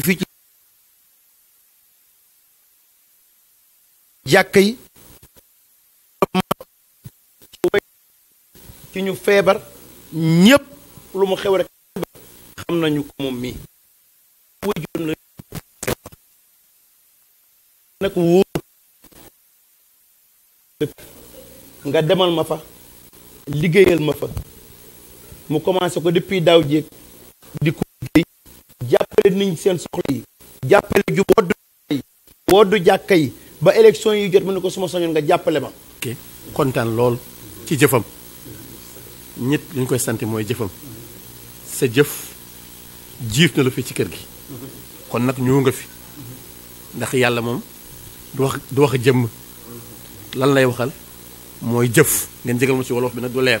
fii ci jàkk yi ci ñu feebar ñépp lu mu xew rek xam nañu ko moom mii wajur la wóor nga demal ma fa liggéeyal ma fa mu commencé ko depuis daaw jéeg di ko jàppale niñ seen soxla yi jàppale ju woddu yi woddu jàkka yi ba élection yi jot mu ne ko suma soñoon nga jàppale ma kontaan lool ci jëfam ñett li ñu koy sant mooy jëfam sa jëf jiif na lu fi ci kër gi kon nag ñëw nga fi ndax yàlla moom du wax du wax jëmm lan lay waxal mooy jëf ngeen jégal ma ci wolof bi nag du leer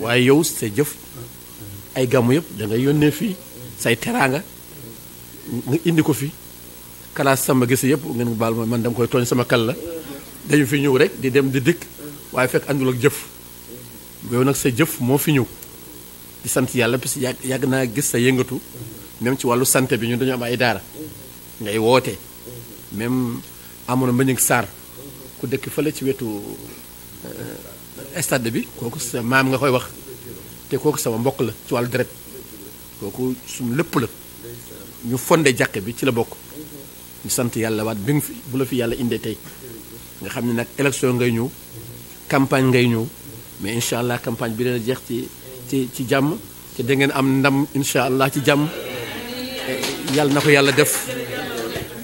waaye yow sa jëf ay gàmmu yëpp da ngay yónnee fii say teraanga nga indi ko fi kalaas sama gis yëpp ngeen baal man dama koy tooñ sama kal la dañu fi ñëw rek di dem di dikk waaye fekk àndul ak jëf yow nag sa jëf moo fi ñëw sant yàlla parce yàgg naa gis sa yëngatu même ci wàllu santé bi ñu dañu am ay daara ngay woote même amoon a Mbagnick Sarr ku dëkk fële ci wetu euh, stade bi kooku sa maam nga koy wax te kooku sama mbokk la ci wàllu deret kooku suñu lépp la ñu fonde jàkk bi ci la bokk ñu sant yàlla waat bi nga bu la fi yàlla indee tey nga xam ne nag élection ngay ñëw campagne ngay ñëw mais incha allah campagne bi na jeex ci ci ci jàmm te da ngeen am ndam incha allah ci jàmm yàlla na ko yàlla def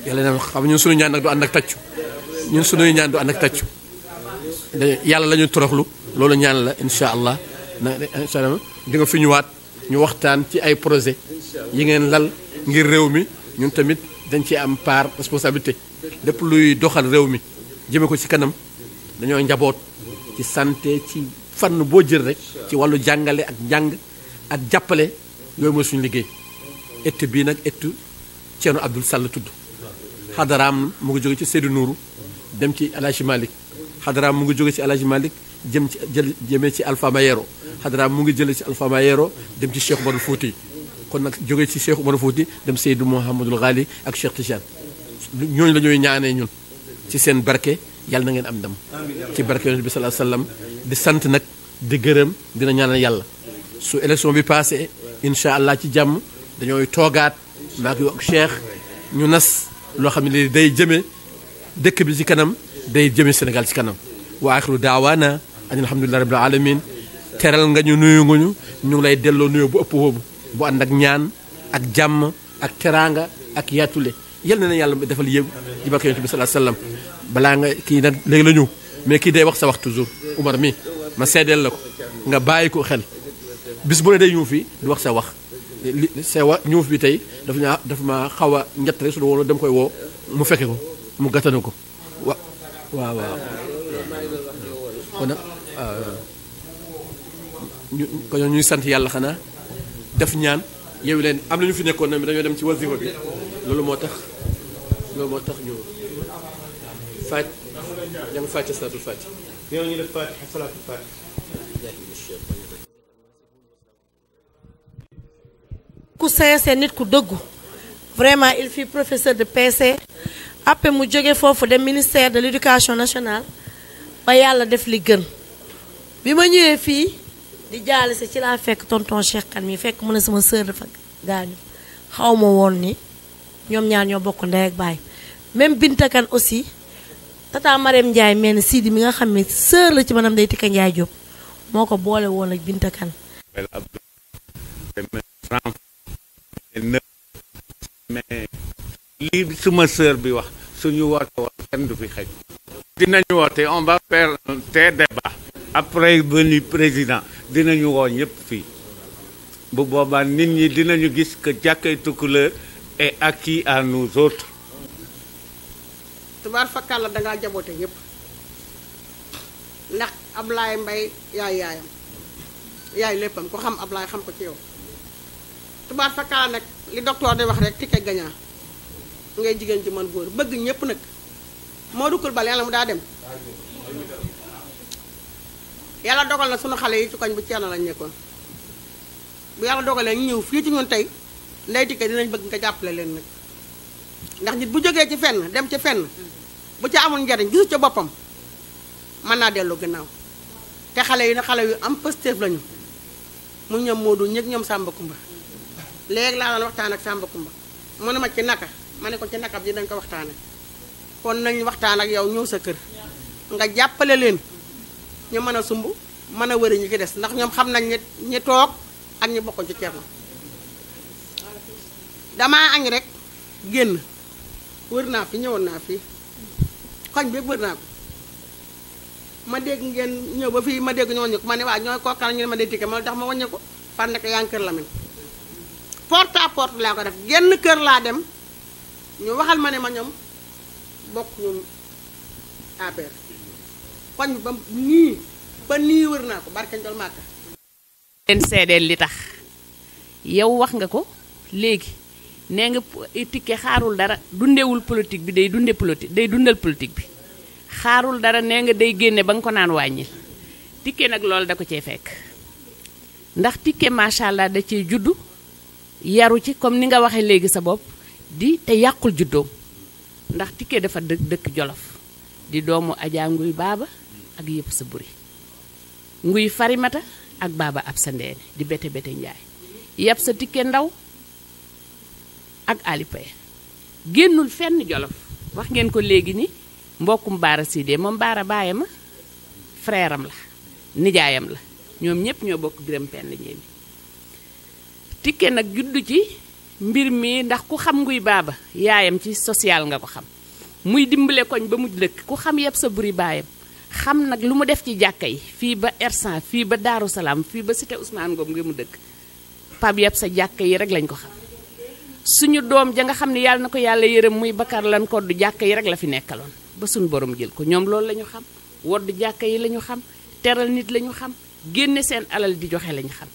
yàlla na xam ñun suñu ñaan nag du ànd ak tàccu ñun suñuy ñaan du ànd ak tàccu yàlla la ñu toroxlu loolu ñaan la incha allah na incha allah di ñu waxtaan ci ay projet yi ngeen lal ngir réew mi ñun tamit dañ ci am part responsabilité lépp luy doxal réew mi jëme ko ci kanam dañoo njaboot ci santé ci fànn boo jël rek ci wàllu jàngale ak njàng ak jàppale yooyu mooy suñu liggéey ëtt bii nag ëttu Ceerno Abdul Sall tudd xadaraam mu ngi jóge ci Seydou Nourou dem ci Alaaji Malick xadaraam mu ngi jóge ci Alaaji Malick jëm ci jël jëmee ci Alpha Mayero hadra mu ngi jële ci Alfama Yero dem ci Cheikh Umarul Fouti kon nag jóge ci Cheikh Umarul Fouti dem Seydou Mouhamadul Ghali ak Cheikh Tidiane ñooñu la ñooy ñaanee ñun ci seen barke yàlla na ngeen am ndam ci barke yonent bi salaa sallam di sante nak di gërëm dina ñaanal yàlla su élection bi passé incha allah ci jàmm dañooy toogaat maak yow ak Cheikh ñu nas loo xam ne day jëme dëkk bi ci kanam day jëme Sénégal ci kanam wa akhiru da'wana ان الحمد لله رب العالمين teral nga ñu nuyu nga ñu ñu lay delloo nuyu bu ëpp boobu bu ànd ak ñaan ak jàmm ak teraanga ak yaatule yal na yàlla mu defal yéegu ci barke yonent bi sallallahu alayhi balaa nga kii nag léegi la ñëw mais kii day wax sa wax toujours Umar mi ma seedeel la ko nga bàyyi ko xel bis bu ne day ñëw fii di wax sa wax li sa wa ñëw fi tey dafa ñaa dafa ma xaw a njett rek su woon dem koy woo mu fekke ko mu gàttanu ko waaw waaw ñu ko ñuy sant yàlla xanaa def ñaan yow leen am na fi nekkoon dañoo dem ci wasifa bi loolu moo tax loolu moo tax ñu faaj ña ngi ku sincère nit ku dëggu vraiment il fi professeur de PC. après mu jóge foofu dem ministère de l' éducation nationale ba yàlla def li gën bi ma ñëwee fii. di jaale sa ci laa fekk tonton Cheikh Kan mi fekk mu ne sama sœur dafa gaañu xaw ma woon ni ñoom ñaar ñoo bokk ndey ak baay même Binta Kan aussi tata Marème Ndiaye mel ni Sidi mi nga xam ne sœur la ci manam day tikka Ndiaye Diop moo ko boole woon ak Binta Kan lii suma sœur bi wax suñu woote woon kenn du fi xëj dinañu woote on va faire un après venu président dinañu woo ñëpp fii bu boobaa nit ñi dinañu gis que jàkkay Tukulóor est acquis à nous autres. tubaar fakkaat la da jaboote ñëpp ndax Ablaye mbay yaay yaayam yaay léppam ko xam ab Ablaye xam ko ci yow tubaar fakkaat la nag li docteur di wax rek ticket gagnant ngay jigéen ji man góor bëgg ñëpp nag moo dukkul bal yàlla mu daa dem. yàlla dogal na sunu xale yi ci koñ bu Ceerno lañ nekkoon bu yàlla dogalee ñu ñëw fii ci ñun tey nday dikkee dinañ bëgg nga jàppale leen nag ndax nit bu jógee ci fenn dem ci fenn bu ca amul njariñ gisu ca boppam mën naa dellu ginnaaw te xale yi na xale yu am positif lañu mu ñoom Modou ñëg ñoom Samba Kumba léegi laa doon waxtaan ak Samba Kumba mu ne ma ci naka ma ne ko ci naka bi dañ ko waxtaane kon nañ waxtaan ak yow ñëw sa kër nga jàppale leen ñu mën a sumb mën a wëri ñu ci des ndax ñoom xam nañ ñi ñi toog ak ñi bokkoon ci Cerno damaa añ rek génn wër naa fi ñëwoon naa fi koñ bi wër naa ko ma dégg ngeen ñëw ba fii ma dégg ñu wàññi ko ma ne waa ñooy kookal ñu ne ma dee tikke ma tax ma wàññi ko fan nekk yaa ngi kër Lamine porte à porte laa ko def genn kër laa dem ñu waxal ma ne ma ñoom bokk ñoom APR koñ ba nii ba nii wër naa ko barkañ tol màkka leen seedeel li tax yow wax nga ko léegi nee nga tikke xaarul dara politique bi day dunde politique day dundal politique bi xaarul dara nee nga day génne ba nga ko naan wàññil tikke nag loolu da ko cee fekk ndax tikke macha allah da cee juddu yaru ci comme ni nga waxee léegi sa di te yàqul juddoom ndax tikke dafa dëkk dëkk di doomu ajanguy baaba ak yëpp sa buri nguy farimata ak baaba ab sa ndeene di bete bete njaay yab sa tikke ndaw ak alipay génnul fenn jolof wax ngeen ko léegi ni mbokkum baara siidee moom baara baaye ma frère la nijaayam la ñoom ñépp ñoo bokk biram penn ñeemi tikke nag juddu ci mbir mi ndax ku xam nguy baaba yaayam ci social nga ko xam muy dimbale koñ ba mu dëkk ku xam yëpp sa buri baayam xam nag lu mu def ci jàkka yi fii ba ersan fii ba daaru salaam fii ba cité ousmane ngom ngi mu dëkk pab yab sa jakai rek lañ ko xam suñu doom ja nga xam ne yàlla na ko yàlla yërëm muy bakar lan ko du jàkka rek la fi nekkaloon ba suñu borom jël ko ñoom loolu lañu xam wodd xam teral nit lañu xam génne seen alal di joxe lañu xam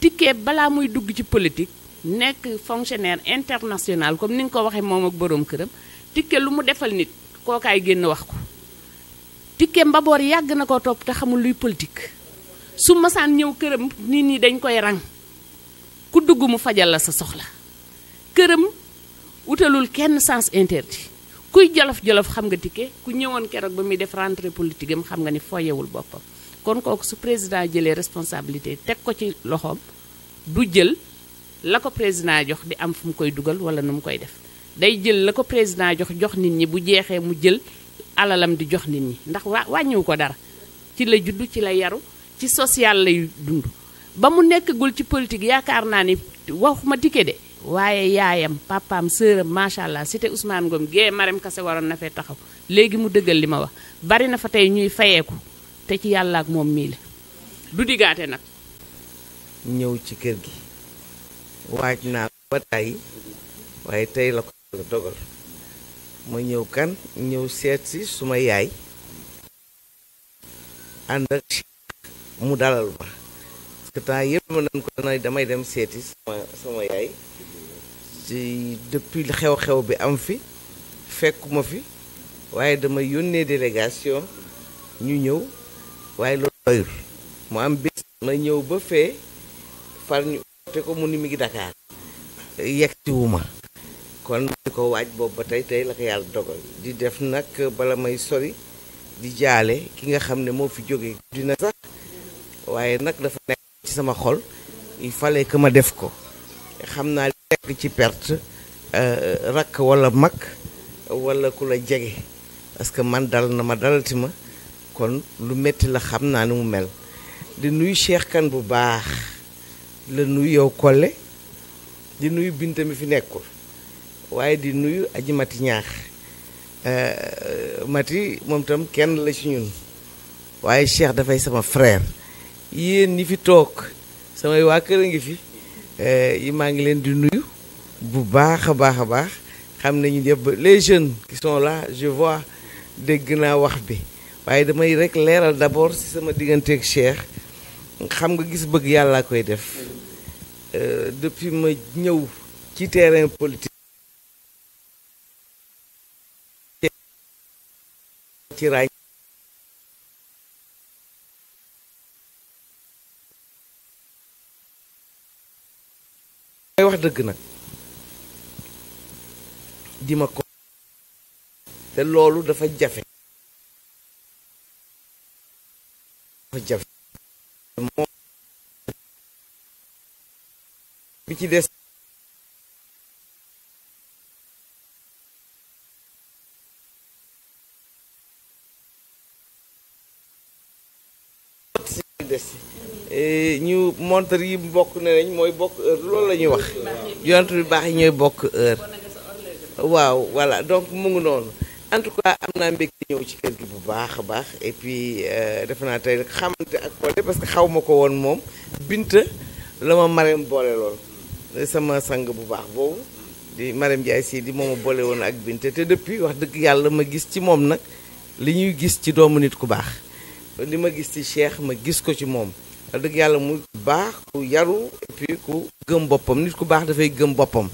tikkee balaa muy dugg ci politique nekk fonctionnaire international comme ni nga ko waxee moom ak borom këram tikke lu mu defal nit kookaay génn wax ko dikkee mbaboor yàgg na ko topp te xamul luy politique su mosaan ñëw këram nit ñi dañ koy ràng ku dugg mu fajal la sa soxla këram wutalul kenn sens interdit kuy jolof-jolof xam nga dikkee ku ñëwoon keroog ba muy def rentrée politique am xam nga ni foyewul boppam kon kooku su président jëlee responsabilité teg ko ci loxoom du jël la ko président jox di am fu mu koy dugal wala nu mu koy def day jël la ko président jox jox nit ñi bu jeexee mu jël alalam di jox nit ñi ndax waa wàññiwu ko dara ci la juddu ci la yaru ci social lay dund ba mu nekkagul ci politique yaakaar naa ni waxuma Tické de waaye yaayam papaam sëram macha allah c'était Ousmane Ngom gée Marème Kase waroon na fee taxaw léegi mu dëggal li ma wax bari na fa tey ñuy fayeeku te ci yàlla ak moom mii la du diggaate nag ñëw ci kër gi waaj naa ba tey waaye tey la ko dogal ma ñëw kan ñëw seet si suma yaay ànd ak mu dalal ma parce que temps yëpp ma nan ko na damay dem seeti sama sama yaay ci depuis xew-xew bi am fi fekkuma fi waaye dama yónnee délégation ñu ñëw waaye loolu doyul mu am bés ma ñëw ba fee far ñu te ko mu ni mi ngi Dakar yegg ma kon di ko waaj boobu ba tey tey la ko yàlla dogal di def nag bala may sori di jaale ki nga xam ne moo fi jógee dina sax waaye nag dafa nekk ci sama xol il fallait que ma def ko xam naa li nekk ci perte euh, rakk wala mag wala ku jege parce que man dal na ma dalati ma kon lu metti la xam naa ni mu mel di nuyu Cheikh kan bu baax la nuyu yow kole di nuyu Binta mi fi nekkul waaye di nuyu aji mati euh, mati kenn la ñun Cheikh sama frère yéen ñi fi toog samay waa ngi fi euh, yi maa ngi leen di nuyu bu les jeunes qui sont là je vois des naa wax bi waaye damay rek d'abord sama digganteeg Cheikh xam nga gis bëgg koy def euh, depuis ma ci politique Ciracas may wax dëgg nag di ma ko te loolu dafa jafe dafa jafe bi ci des des ñu montre yi bokk nañ mooy bokk heure loolu la ñuy wax yonent bi baax yi ñooy bokk heure waaw voilà donc mu ngi noonu en tout cas am naa mbégte ñëw ci kër gi bu baax a baax et puis euh, defe naa tey nag xamante ak Codé parce que xaw ma ko woon moom Binta la ma Marème boole lool sama sang bu baax boobu di Marème Ndiaye si di mooma boole woon ak Binta te depuis wax dëgg yàlla ma gis ci moom nag li ñuy gis ci doomu nit ku baax li ma gis ci Cheikh ma gis ko ci moom wax dëgg yàlla mu baax ku yaru et ku gëm boppam nit ku baax dafay gëm boppam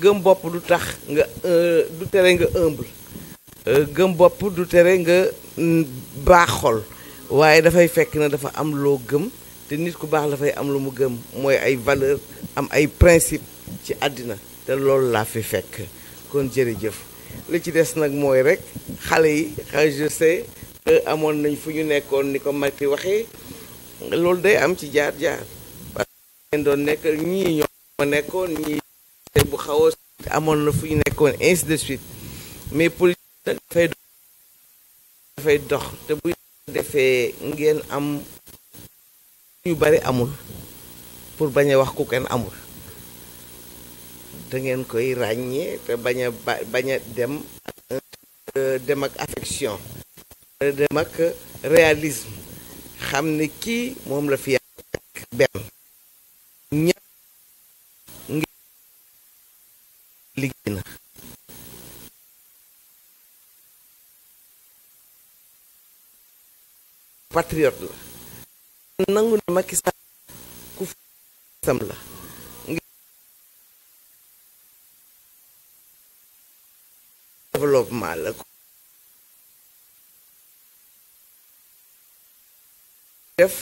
gëm bopp du tax nga euh, du tere nga humble euh, gëm bopp du tere nga mm, baax xol waaye dafay fekk na dafa am loo gëm te nit ku baax dafay am lu mu gëm mooy ay valeur am ay principe ci àddina te loolu laa fi fekk kon jërëjëf li ci des nag mooy rek xale yi je sais amoon nañ fu ñu nekkoon ni ko Macky waxee loolu day am ci jaar jaar parce que ngeen doon nekk ñii ñoo ma nekkoon te bu xaw amoon na fu ñu nekkoon ainsi de suite mais politique nag dafay dox dafay dox te bu defee ngeen am ñu bari amul pour bañ a wax ku kenn amul da ngeen koy ràññee te bañ a bañ a dem euh, dem ak affection de ak réalisme xam ne kii moom la fi yàgg benn ñaar ngir liggéey na patriote la nangu ne Macky Sall ku sam la ngir développement la def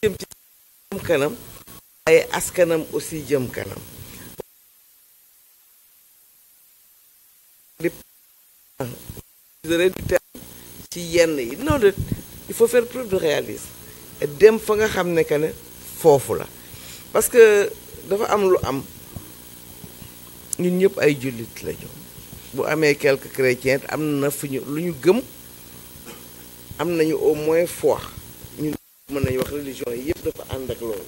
jëm ci jëm kanam waaye askanam aussi jëm kanam ci yenn yi non de il faut faire preuve de réalisme dem fa nga xam ne que ne foofu la parce que dafa am lu am ñun ñëpp ay jullit lañu bu amee quelques chrétiens am na fu ñu lu ñu gëm am nañu au moins foi ñun mën nañu wax religion yi yëpp dafa ànd ak loolu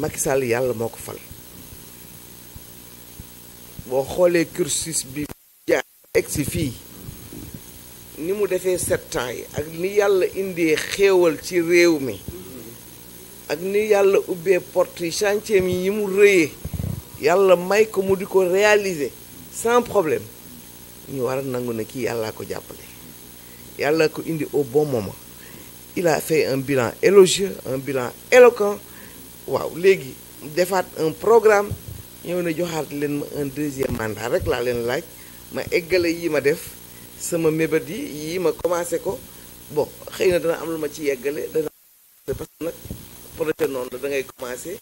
Macky yàlla moo ko fal boo xoolee cursus bi jaar egsi fii ni mu defee sept ans yi ak ni yàlla indee xéewal ci réew mi ak ni yàlla ubbee porte yi chantier mi yi mu rëyee yàlla may ko mu di ko réaliser sans problème ñu war a nangu na kii yàllaa ko jàppale yàlla ko indi au bon moment il a fait un bilan élogieux un bilan éloquent waaw léegi defaat un programme ñëw ne joxaat leen ma un deuxième mandat rek laa leen laaj ma eggale yi ma def sama mébét yi yii ma commencé ko bon xëy na dana am lu ma ci yeggale dana parce que nag projet noonu la da ngay commencé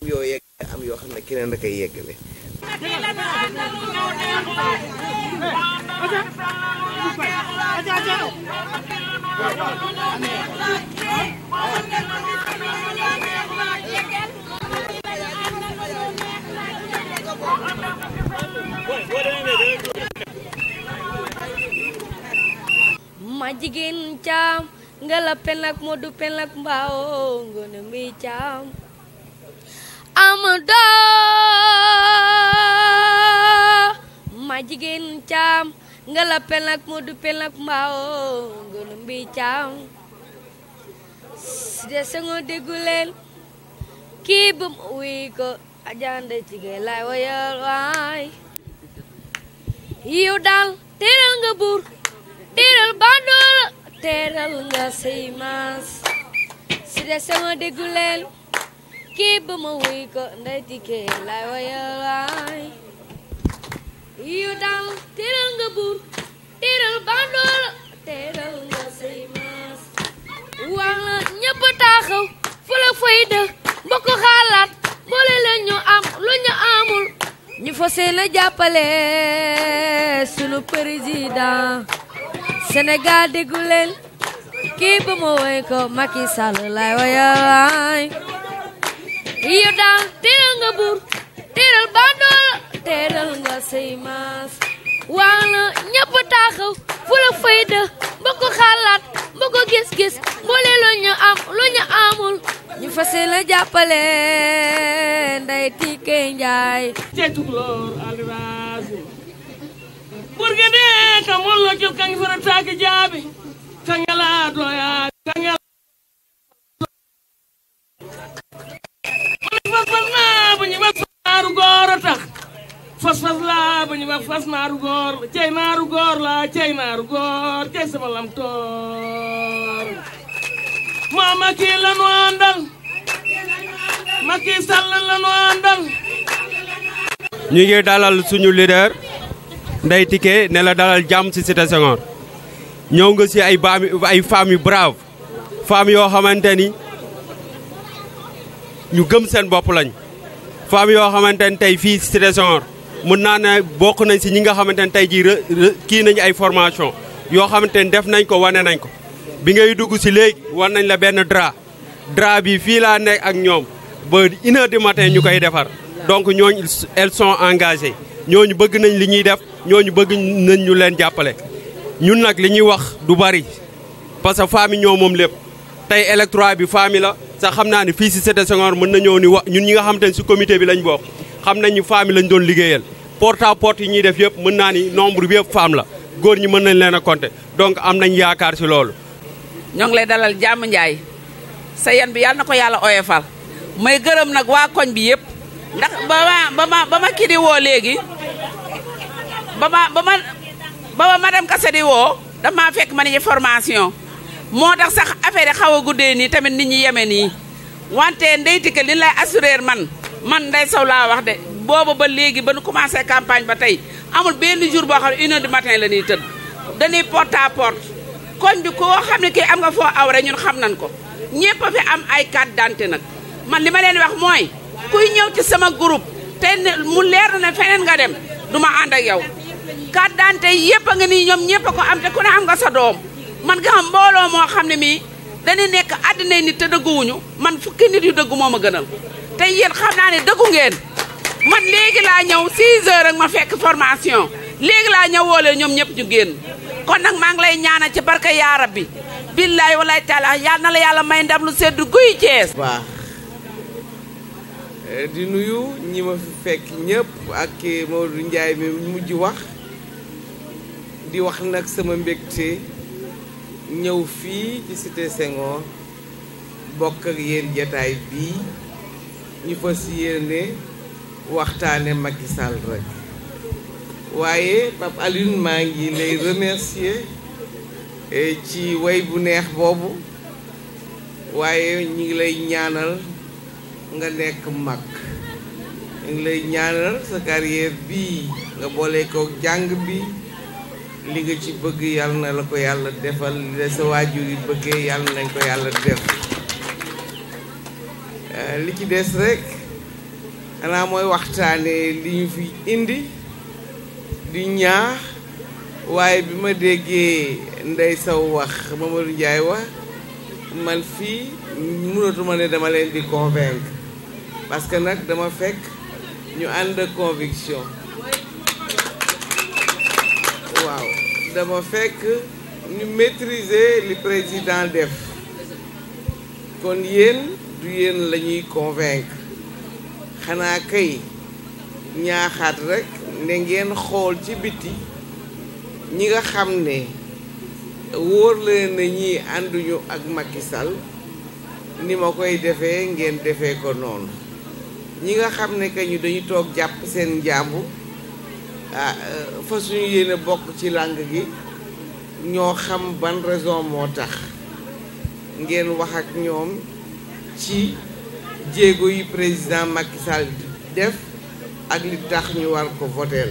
am yoo yeggale am yoo xam ne keneen da koy yeggale Majigin cam, galap penak modu penak bau, gunung mi caam maji gencam caam ngala pelak mudu pelak mau gunung bi caam de sango dégguleen kii bum uwi ko ajande jigéen lay wayal wai yiw daal teral ngebur teral bandul teral nga mas maas si de sango dégguleen kii bum uwi ko wayal wai yu dal teral nga buur la ñëpp taaxaw fu la xalaat boole la am lu ñu amul ñu fas yéene jàppale sunu président Sénégal déggu leen kii ba ma woy ko Macky Sall lay woyalaay yu teeral nga say maas waana ñëpp taxaw fu la fayda ba ko xalaat ba ko gis-gis boole lu ñu amul ñu fase la jàppale nday tike njaay te tukulóor aliraasu burge la jël kañ fara taag jaabi kañ la doyaa kañ la man fas fas naa bu ñu fas faaru fas fas la ba wax fas naru gor cey naru gor la cey naru gor cey sama tor mama ki la nu àndal Macky sal la no andal ñi ngi dalal suñu leader nday tike ne la dalal jam ci Cité Senghor ñëw nga ci ay baam ay femmes yu brave fami yo xamanteni ñu gëm seen bop lañ femmes yo xamanteni tay fi Cité Senghor mën naa ne bokk nañ si ñi nga xamante ne tey jii kii nañu ay formation yoo xamante ne def nañ ko wane nañ ko bi ngay dugg si léegi wan nañ la benn drap drap bii fii laa nekk ak ñoom ba une heure du matin ñu koy defar donc ñooñu elles sont engagées ñooñu bëgg nañ li ñuy def ñooñu bëgg nañ ñu leen jàppale ñun nag li ñuy wax du bari parce que famille ñoo moom lépp tey électorat bi famille la sax xam naa ne fii si Cité Senghor mën nañoo ni wax ñun ñi nga xamante ne si comité bi lañ bokk xam nañ femmes yi lañ doon liggéeyal porte à porte yi ñuy def yëpp mën naa ni nombre bi yëpp la góor ñi mën nañ leen a compter donc am nañ yaakaar si loolu. ñoo ngi lay dalal jàmm Ndiaye sa yan bi yàlla na ko yàlla oyofal may gërëm nag waa koñ bi yëpp ndax ba ma ba ba ma kii di woo léegi ba ma ba ma ba ma madame di woo daf maa fekk ma ni formation moo tax sax affaire yi xaw guddee nii tamit ni ñi yeme nii wante ndeytike li lay assurer man. man Ndeye Sow wax de booba ba léegi ba nu commencé campagne ba tey amul benn jour boo xam di une heure du la ñuy tëdd dañuy porte à porte koñ bi koo xam ne kii am nga foo aw ñun xam nañ ko ñëpp a fi am ay carte d'identité nag man li ma leen wax mooy kuy ñëw ci sama groupe te mu leer na ne feneen nga dem du ma ànd ak yow carte d'identité yëpp a nga nii ñoom ñëpp ko am te ku ne am nga sa doom man nga xam mbooloo moo xam ne mii dañuy nekk àddina ni te dëgguwuñu man fukki nit yu dëggu ma gënal te yéen xam naa ne dëggu ngeen man léegi laa ñëw 6 ak ma fekk formation léegi laa ñëw woole ñoom ñëpp ñu génn kon nag maa ngi lay ñaana ci barka yaarab bi billaay walaay taala yal na la yàlla may ndam lu sedd guy Cees waaw di nuyu ñi ma fi fekk ñëpp ak Maodo Ndiaye mi mujj wax di wax nag sama mbégte ñëw fii ci cité Senghor bokk ak yéen jataay bii ñu fas yéene waxtaane Macky Sall rek waaye Pape Alioune maa ngi lay remercier eh, ci way bu neex boobu waaye ñu ngi lay ñaanal nga nekk mag ñu ngi lay ñaanal sa carrière bii nga boole ko jàng bi li nga ci bëgg yàlla na la ko yàlla defal li sa waajur yi bëggee yàlla nañ ko yàlla def Euh, li ci des rek xanaa mooy waxtaane li ñu fi indi di ñaa waaye bi ma déggee ndey Sow wax Mamadou Ndiaye wax man fii mënatuma ne dama leen di convaincre parce que nag dama fekk ñu ànd conviction waaw dama fekk ñu maîtriser li président def kon yéen du yéen la ñuy convaincre xanaa kay ñaaxaat rek ne ngeen xool ci biti ñi nga xam ne wóor leen na ñii ànduñu ak Macky Sall ni ma koy defee ngeen defee ko noonu ñi nga xam ne que ñu dañu toog jàpp seen njàmbu ah fa suñu yéene bokk ci làng gi ñoo xam ban raison moo tax ngeen wax ak ñoom ci jéego yi président Macky Sall def ak li tax ñu war ko voteel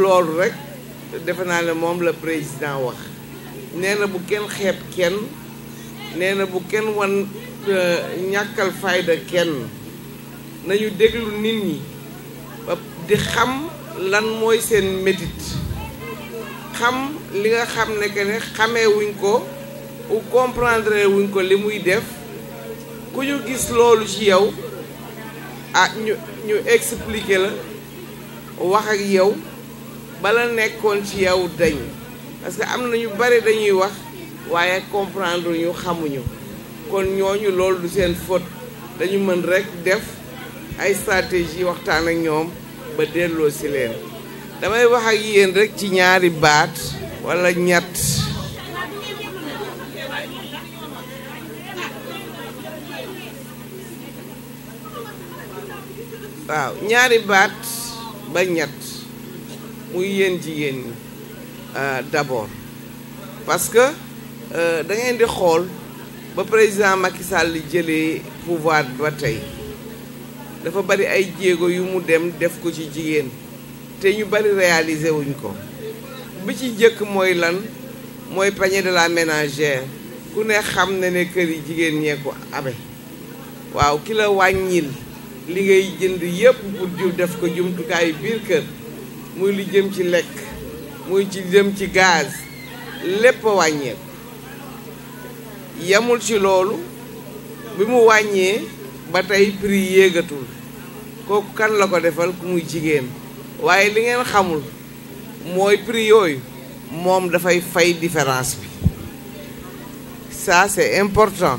loolu rek defe naa ne moom la président wax nee na bu kenn xeeb kenn nee na bu kenn wan euh, ñàkkal fayda kenn nañu déglu nit ñi di xam lan mooy seen métit xam li nga xam ne que ne xamee wuñ ko u comprendre wuñ ko li muy def ku ñu gis loolu ci yow ah ñu ñu expliquer la wax ak yow bala nekkoon ci yow dañ parce que am na ñu bari dañuy wax waaye comprendre ñu xamuñu kon ñooñu lool du seen faute dañu mën rek def ay stratégie waxtaan ak ñoom ba delloo si leen damay wax ak yéen rek ci ñaari baat walla ñett waaw ñaari baat ba ñett muy yéen jigéen ñi euh, d'abord parce que euh, da ngeen di xool ba président Macky Sall jëlee pouvoir ba tey dafa bari ay jéego yu mu dem def ko ci jigéen te ñu bari réaliser wuñ ko bi ci njëkk mooy lan mooy panier de la ménagère ku ne xam ne ne kër yi jigéen ñee ko abe waaw ki wàññil li ngay jënd yépp pour jur def ko jumtukaay biir kër muy li jëm ci lekk muy ci jëm ci gaz lépp a wàññeeku yemul ci loolu bi mu wàññee ba tey prix yéegatul kooku kan la ko defal ku muy jigéen waaye li ngeen xamul mooy prix yooyu moom dafay fay différence bi ça c'est important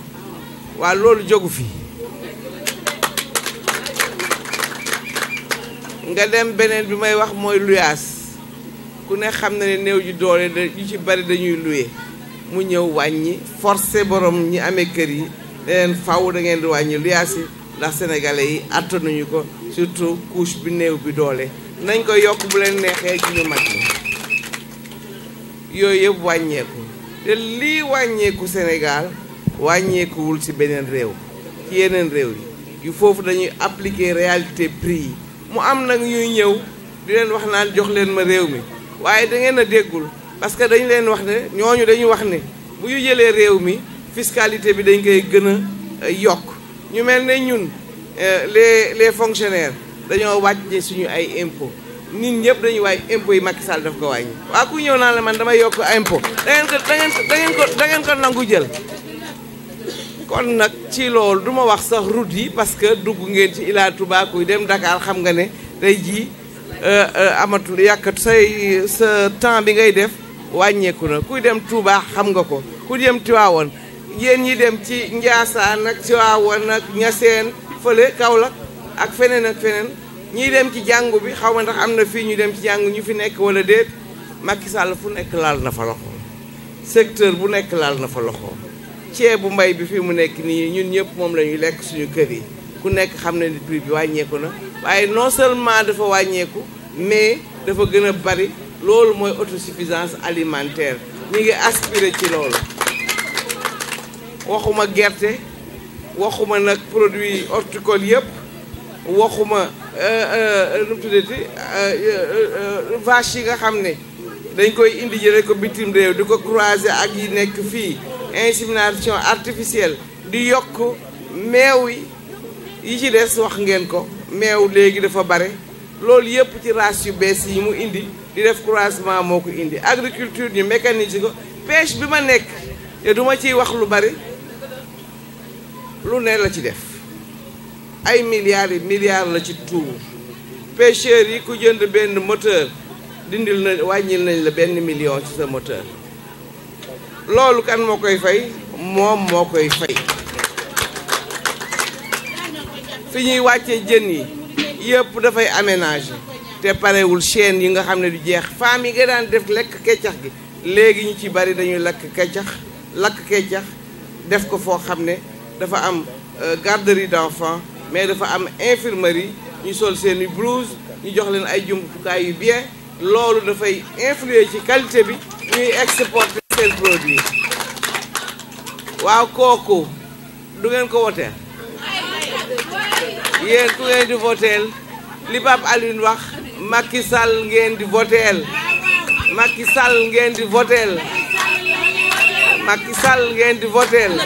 waa loolu jógu fi nga dem beneen bi may wax mooy luyaas ku ne xam na ne néew ju doole da ci bari dañuy luye mu ñëw wàññi forse borom ñi amee kër yi ne leen faw dangeen di wàññi luyaas yi ndax sénégalais yi attanuñu ko surtout couche bi néew bi doole nañ ko yokk bu leen neexee gi ñu mag yooyu yëpp wàññeeku te lii wàññeeku Sénégal wàññeekuwul ci beneen réew ci yeneen réew yi yu foofu dañuy appliquer réalité prix yi mu am nag ñuy ñëw di leen wax naa jox leen ma réew mi waaye da ngeen a déggul parce que dañu leen wax ne ñooñu dañu wax ne bu ñu jëlee réew mi fiscalité bi dañ koy gën a eh, yokk ñu mel ne ñun eh, les les fonctionnaires dañoo wàññi suñu ay impôts nit ñëpp dañuy waay impôts yi Macky Sall ko wàññi. waa ku ñëw naa la man damay yokk impôt da ngeen ko da ngeen ko da ko nangu jël kon nag ci loolu du ma wax sax route yi parce que dugg ngeen ci Ila Touba kuy dem Dakar xam nga ne tey jii euh, euh, amatul yàkkatu say sa temps bi ngay def wàññeeku na kuy dem Touba xam nga ko ku dem Tiwaawoon yéen ñi dem ci Njaasaan ak Tiwaawoon ak Ñaseen fële Kaolack ak feneen ak feneen ñiy dem ci jàngu bi xaw ma ndax am na fii ñu dem ci jàngu ñu fi nekk wala déet Macky Sall fu nekk laal na fa loxo secteur bu nekk laal na fa loxo. ceebu mbay bi fii mu nekk nii ñun ñëpp moom la ñuy lekk suñu kër yi ku nekk xam ne ni prix bi wàññeeku na waaye non seulement dafa wàññeeku mais dafa gën a bari loolu mooy autosuffisance alimentaire ñu ngi aspiré ci loolu waxuma gerte waxuma nag produit horticole yëpp waxuma euh, euh, nu mu tuddati euh, vache yi nga xam ne dañ koy indi jële ko bitim réew di ko croiser ak yi nekk fii insémination artificielle di yokk meew yi ci des wax ngeen ko meew léegi dafa bare loolu yëpp ci race yu bees yi mu indi di def croisement moo ko indi agriculture ñu mécanise ko pêche bi ma nekk te duma ci wax lu bari lu ne la ci def ay milliards yi milliards la ci tuur pêcheurs yi ku jënd benn moteur dindil na wàññil nañ la benn million ci sa moteur loolu kan moo koy fay moom moo koy fay fi ñuy wàccee jën yi yëpp dafay aménagé te parewul chaîne yi nga xam ne du jeex femmes yi nga daan def lekk keccax gi léegi ñu ci bari dañuy lakk keccax lakk keccax def ko foo xam ne dafa am euh, garderie d'enfants mais dafa am infirmerie ñu sol seeni blouse ñu jox leen ay jumtukaay yu bien loolu dafay influer ci qualité bi ñuy exporté Waw kou kou, dou gen kou wote? Yen kou gen di wote el, li pap alin wak, maki sal gen di wote el. Maki sal gen di wote el. Maki sal gen di wote el.